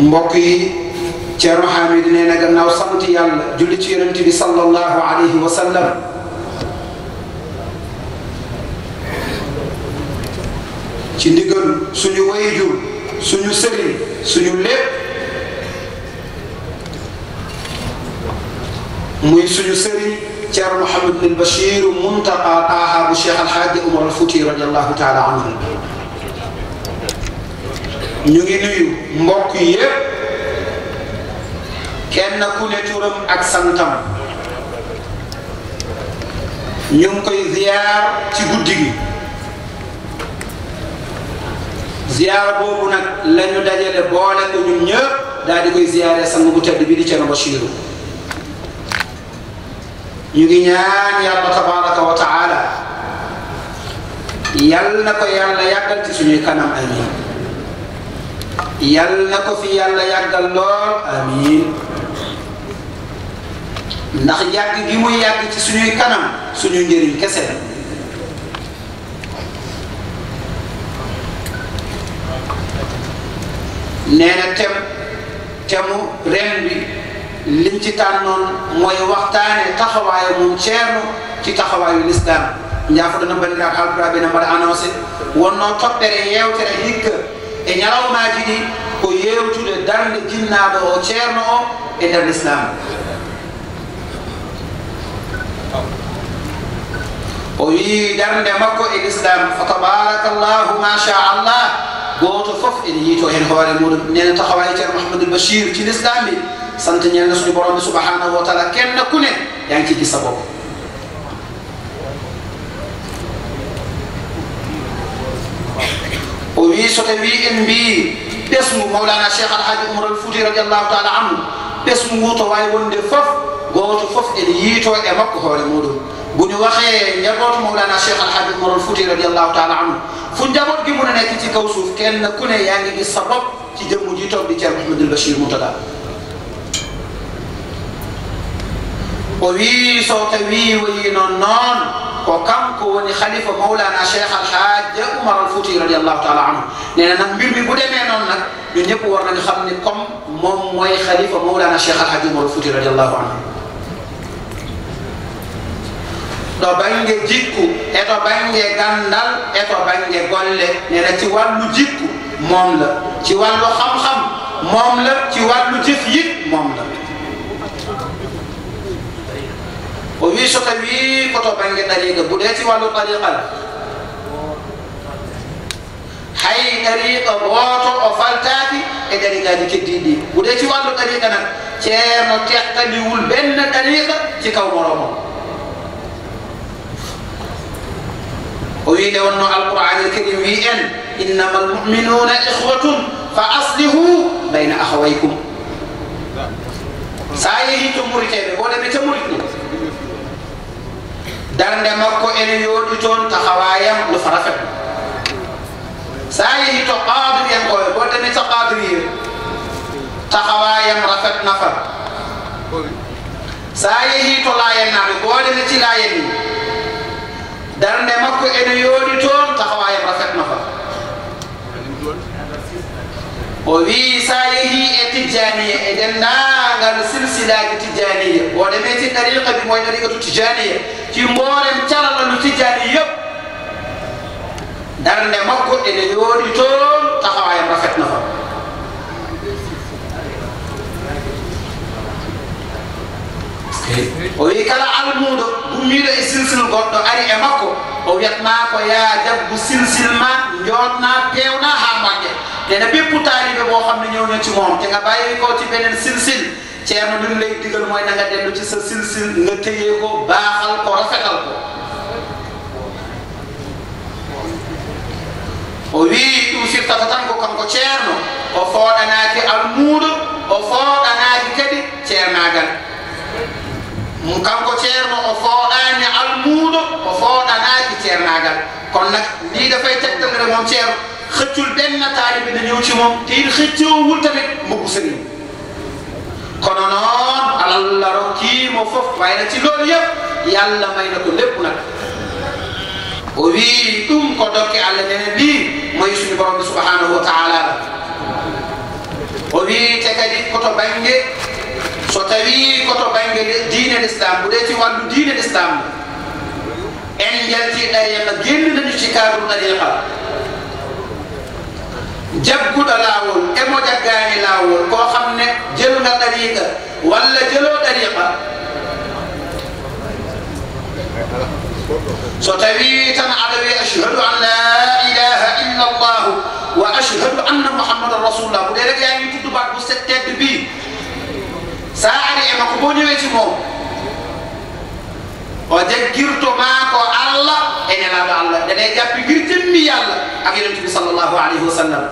mbokki yi hamil xamid nee na gannaaw sant yàlla julli ci yonent bi sallallahu alayhi wa sallam ci ndigal suñu suñu sëriñ suñu lépp muy suñu sëriñ Ceerno Mouhamadul Bachir muntaqa taaha bu Cheikh Alhaaji Umar Alfouti radiallahu taala anhu ñu ngi nuyu mbokk yépp kenn ku ne turam ak santam ñu ngi koy ziyaar ci guddi gi ziyaara boobu nag la ñu dajale boole ko ñun ñëpp daal koy ziyaare sang bu tedd bi di Thierno Bachirou ñu ngi ñaan yàlla tabaraka wa taala yal na ko yàlla yàggal ci suñuy kanam amin yal na ko fi yàlla yàggal lool amin ndax yàgg gi muy yàgg ci suñuy kanam suñu njëriñ kese nee na tem temu ren bi liñ ci tànnoon mooy waxtaane taxawaayu moom ceerno ci taxawaayu lislaam njaafoɗono banndiraaɓe haalduɗaaɓe no mbaɗa annoncé wonno toɓɓere yeewtere hikka e ñalawmaaji ɗi ko yeewtude darnde jinnaaɗo o ceerno o e nder l'islam o wii darnde makko e l'islam fa tabaraka llahu ma sha allah goto foof ene yiito hen hoore muɗum nene taxawaye ceerno mahamadou bachir ci l'islam bi sant ñeel na suñu borom bi subhanahu wa taala kenn ku ne yaa ngi ci gis sa bopp o wi sote wi en mbi ɓesmu mawlana cheikh alhaji umar al fouti radiallahu taala anhu ɓesmu wuto wawi wonde foof goto fof ene yiito e makko hoore muɗum buni waxe njabootu mawlana cheikh alhabib marol fouti radiallahu taala anhu fu njaboot gi mun a nekk ci kaw suuf kenn ku ne yaa ngi gis sa bopp ci jëmm ji toog di ceer mahamadul bachir moutada o wii sowta wii woyi noon noon ko kanko woni khalifa mawlana cheikh alhaj oumar al fouti radiallahu taala anhu nee na nag mbir mi bu demee noonu nag ñun ñëpp war nañu xam ni comme moom mooy khalifa mawlana cheikh alhaj oumar al fouti radiallahu anhu do bange jikku e do bange gandal e to bange golle na ci walu jikku mom la ci walu xam xam mom la ci walu jëf yit mom la o wi so tawi ko to bange tariqa bu de ci walu tariqa hay tariqa goto o faltati e tariqa di keddidi bu de ci walu tariqa nak tekkani wul ben tariqa ci kaw borom o wiide wonno alqouranil karim wi en innama almuminuna ihwatum fa aslihu bayna ahawaykum sa yeehi to muriteɓe bo ɗeɓe temurit ni darde makko ene yooɗi toon tahawayam no farafet sa yeehi to qadri en koye bo ɗene ta qadriye tahawayam rafet nafat sa to layennaɓe bo ɗene ci darnde makko ene yooɗi toon taxawaayam rafet na fa o wii sa yehi e tijjaniya e denndaangal silsilaji tijjaniya o ɗemeti ɗariqa mbi moy ɗariqatu tijjaniya ci mbooren calalalu tijjani yëpp darnde makko ene yooɗi toon o wi kala almudo gummiɗo e silsil goɗɗo ari e makko o wiyatma ko ya jabbu silsil ma jotna pewna ha magge nene putari be bo xam ne ñëw na ci moom te nga bàyyi ko ci benen silsil ceerno lim lay digal mooy na nga dellu ci sa silsil nga teye ko baaxal ko rafetal ko o wii ɗum firtata tan ko kanko ceerno o fooɗanaaki almuuɗo o fooɗanaaki kadi ceernaagal kanko ceerno o fooɗaani almuuɗo o fooɗanaaki ceernaagal kono nag lii dafay tegtalere moom ceerno xëccul benn taalibe na ñëw ci moom te it xëccoowul tamit mbokku sëriñ kono noon alal la rokkiimo fof waaye nag ci loolu yëpp may na ko lépp nag o wii ɗum ko dokke allah nene lii moye suñu borom bi subhanahu wa taala o wii te koto bange so tawi koto bange diine l'islam islam ɓuureti wandu diine l' islam en jalti ɗariqa gellinani cikaaru ɗariqa jagguɗo e mo jaggaani lawol ko xamne ne jël nga ɗariqa walla jëloo ɗariqa so tawi tan adawi ashhadu an la ilaha illa allah wa ashhadu anna muhammadan rasulullah ɓuɗe rek yaa ngi tudd baat bu set tedd bii saari e makko bonni ñëwee ci o jaggirto maa ko allah e laado allah ne jappi ngir mi Allah, ak yaron bi sallallahu alaihi wasallam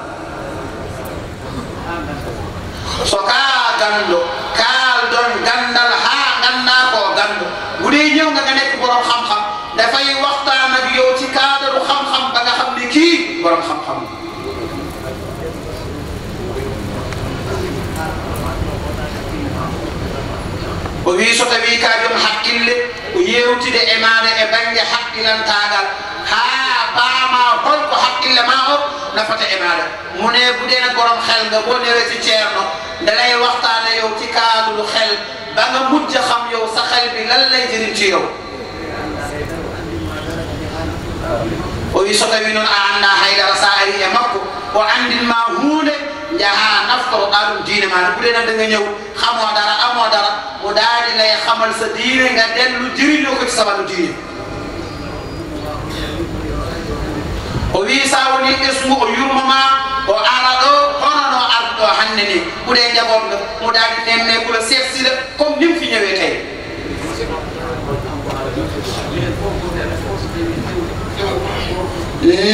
so ka gando kaaldon don gandal ha ganna ko gando dee ñëw nga nek borom xam-xam fay wax o wi so tawi ka jom hakkille ko yewtide e maɗa e banggue haqqillantagal ha baama holko hakkille ma o nafata e maɗa mune budena borom helga bo neweti ceerno ndelay waxtane yow ci kaadulu xel ba nga mujj xam yow sa xel bi lan lay jëriñ ci yow o wi so tawi noon a anda haydara sa ari e makko o andinma hunde njaxaa naf ko xaalum diine maanaam bu dee nag da nga ñëw xamoo dara amoo dara mu daal di lay xamal sa diine nga dellu jëriñoo ko ci sa wàllu diine o wi sawoni ɓesgu o yurmoma o ara ɗo honono arɗo hannde ni ɓuuɗe jaɓonɗo mo daadi nenne ɓuura sersida comme nim fi ñawe tawi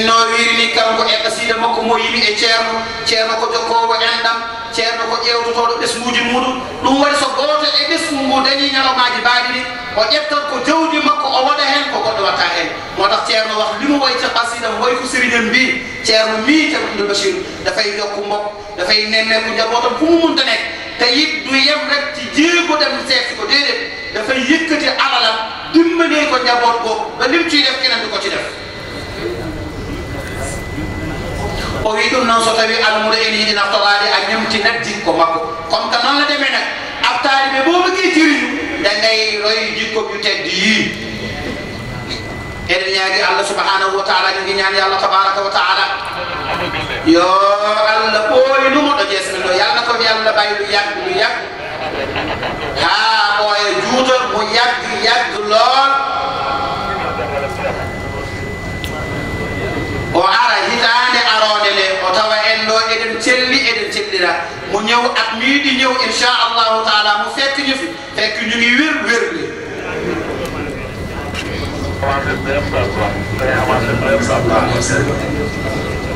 no wirini kanko e kasida makko mo yimi e ceerno ceerno ko jokkowo enɗam ceerno ko ƴewtotoɗo ɓesguji muɗum ɗum waɗi so goto e ɓesgu ngu dañi ñalomaji mbaɗi ɗi o ƴettan ko jawdi makko o waɗa hen ko goɗɗo watta hen motax ceerno wax limu wayta kasida mo way ko sérinen mbi ceerno mi ceerno ɗo basiru dafay jokku mbokk dafay nenne ko jabotam fu mu munta nekk te it du yem rek ci jéego dem seet ko déedéet dafay yëkkati alalam dimbalee ko njaboot ko ba lim ciy def keneen du ko ci def o wi ɗum noon so tawi almuɗo en yiɗina tolade a ñamtinat ko makko comme que noon la demee nag ab taalibe boo bëggee jëriñu da ngay roy jikko yu tedd yii eɗen ñaagi allah subhanahu wa taala ñu ngi ñaan yàlla tabaraka wa taala yo allah yàlla bàyyi lu yàgg lu yàgg ah mooy juutal mu yàgg yàgg lool o ara hitaande aroonde nde o tawa en ɗo eɗen celli eɗen cellira mo ñaw at miiɗi ñaw inchallahu taala mo fekk ñu fi fekk ñu ngi wér wérde Thank you.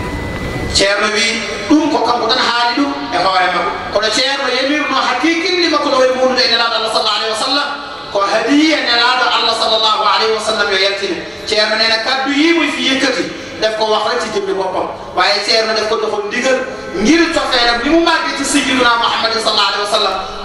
ceerno wi ɗum ko kanko tan haali ɗum e hoore makko kono ceerno yamirno hakkikilli makko no wayi muɗude e nelaɗo allah sallah alayhi wa sallam ko hadiya nelaɗo allah sallllahu alayhi wa sallam yo yaltini ceerno nena kaddu yimo fi yekkati def ko wax rek ci jëmmi boppam waaye ceerno def ko doxol ndigal ngir cofeeram li mu màggee ci sayyiduna muhammadin sallallahu alayhi wa sallam